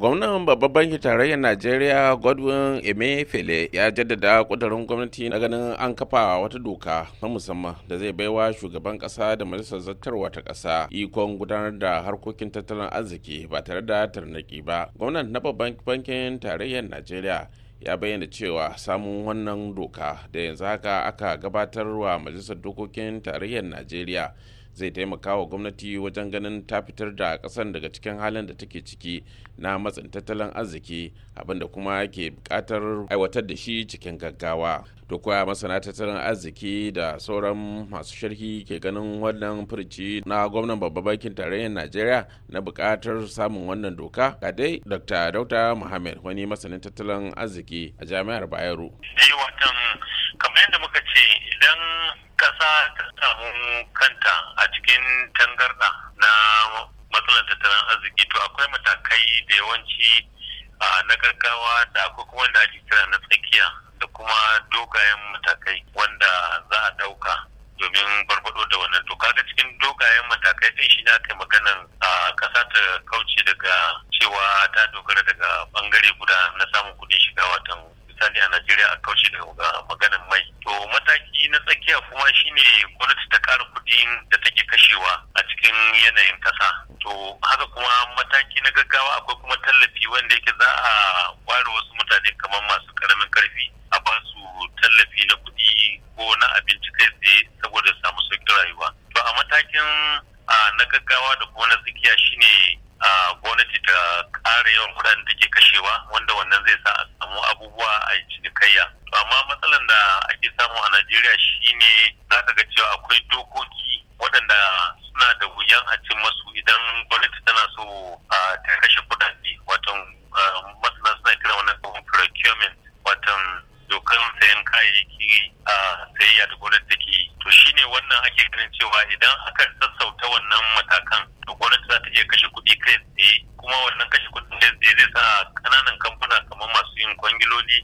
gwamnan babban bankin tarayyar najeriya godwin emefele ya jaddada kudurin gwamnati na ganin an kafa wata doka na musamman da zai baiwa shugaban kasa da majalisar zartarwa ta kasa ikon gudanar da harkokin tattalin arziki ba tare da tarnaki ba gwamnan na babban bankin tarayyar najeriya ya bayyana cewa samun wannan doka da yanzu haka aka gabatar gabatarwa majalisar dokokin tarayyar najeriya zai taimaka wa gwamnati wajen ganin ta fitar da kasan daga cikin halin da take ciki na matsin tattalin arziki abinda kuma ke bukatar aiwatar da shi cikin gaggawa to kuwa masana tattalin arziki da sauran masu sharhi ke ganin wannan furci na gwamnan babban bankin tarayyar najeriya na bukatar samun wannan doka ga dai dr dauta muhammad wani masanin tattalin arziki a jami'ar bayero kamar yadda muka ce idan ƙasa ta samu kanta a cikin tangarɗa na matsalar tattalin arziki to akwai matakai da yawanci na gaggawa da akwai kuma da ake kira na tsakiya da kuma dogayen matakai wanda za a ɗauka domin barbado da wannan to kaga cikin dogayen matakai ɗin shi na kai maganar a kasa ta kauce daga cewa ta dogara daga bangare guda na samun kuɗin shiga watan misali a najeriya a kauce daga maganar mai wanda yake za a ware wasu mutane kamar masu karamin karfi a ba su tallafi na kuɗi ko na abinci kai tsaye saboda samu sauƙin rayuwa to a matakin na gaggawa da kuma na tsakiya shine gwamnati ta ƙara yawan kuɗaɗen da ke kashewa wanda wannan zai sa a samu abubuwa a cinikayya to amma matsalar da ake samu a najeriya shine za ka ga cewa akwai dokoki waɗanda suna da wuyan a cin masu idan ba. idan aka sassauta wannan matakan to gwamnati za ta iya kashe kuɗi kai tsaye kuma wannan kashe kuɗin kai tsaye zai sa kananan kamfuna kamar masu yin kwangiloli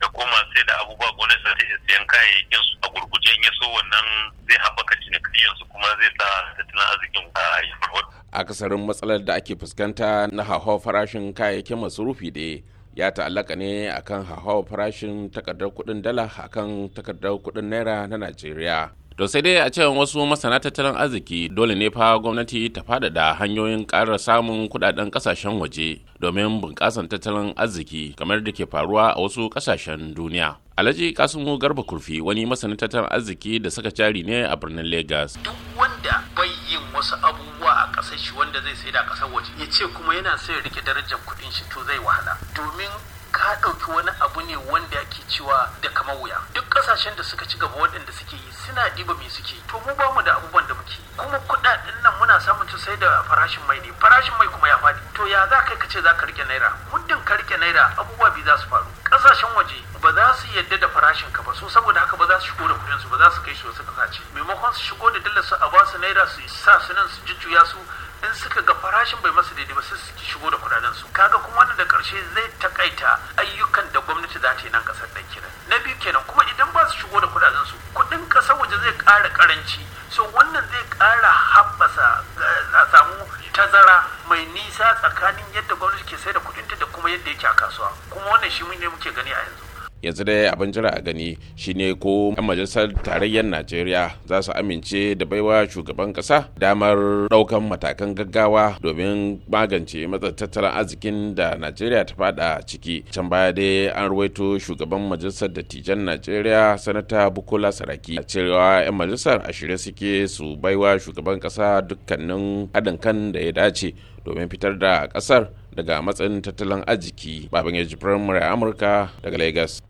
da kuma sai da abubuwa gwamnati za ta iya siyan kayayyakin su a gurguje in ya so wannan zai haɓaka cinikayyar su kuma zai sa tattalin arzikin ya farfaɗo. akasarin matsalar da ake fuskanta na hauhawar farashin kayayyakin masarufi da ya ta'allaka ne akan hauhawar farashin takardar kuɗin dala akan takardar kuɗin naira na najeriya To sai dai a cewa wasu masana tattalin arziki dole ne fa gwamnati ta faɗaɗa hanyoyin ƙara samun kudaden kasashen waje domin bunƙasan tattalin arziki kamar da ke faruwa a wasu kasashen duniya. Alhaji kasumu Garba Kurfi wani masana tattalin arziki da saka cari ne a birnin Legas. Duk wanda bai yin wasu abubuwa a ƙasar wanda zai sai da kasar waje ya ce kuma yana sai rike darajar kuɗin shi to zai wahala domin ka ɗauki wani abu ne wanda ke cewa da kamar wuya duk ƙasashen da suka ci gaba waɗanda suke yi suna diba me suke to mu ba mu da abubuwan da muke kuma kuɗaɗen nan muna samun su sai da farashin mai ne farashin mai kuma ya faɗi to ya za kai ka ce za ka rike naira muddin ka rike naira abubuwa biyu za su faru ƙasashen waje ba za su yadda da farashin ka ba so saboda haka ba za su shigo da kuɗin su ba za su kai shi wasu ƙasashe maimakon su shigo da dalar su a ba su naira su sa su nan su jujjuya su in suka ga farashin bai masa daidai ba sai su shigo da kuɗaɗen su kaga kuma wannan ƙarshe zai takaita ayyukan da gwamnati za ta yi nan ƙasar da kiran, na biyu kenan kuma idan ba su shigo da kudaden su kuɗin ƙasar waje zai ƙara ƙaranci so wannan zai ƙara haɓasa eh, a samu tazara mai nisa tsakanin yadda gwamnati ke sai da kuɗinta da kuma yadda yake a kasuwa kuma wannan shi ne muke gani a yanzu yanzu dai abin jira a gani shine ko 'yan majalisar tarayyar najeriya za su amince da baiwa shugaban kasa damar daukan matakan gaggawa domin magance matsa tattalin arzikin da najeriya ta fada ciki can baya dai an ruwaito shugaban majalisar dattijan najeriya sanata bukola saraki a cewa 'yan majalisar a shirye suke su baiwa shugaban kasa dukkanin haɗin kan da ya dace domin fitar da kasar daga matsayin tattalin arziki babin ya jibirin murya amurka daga lagos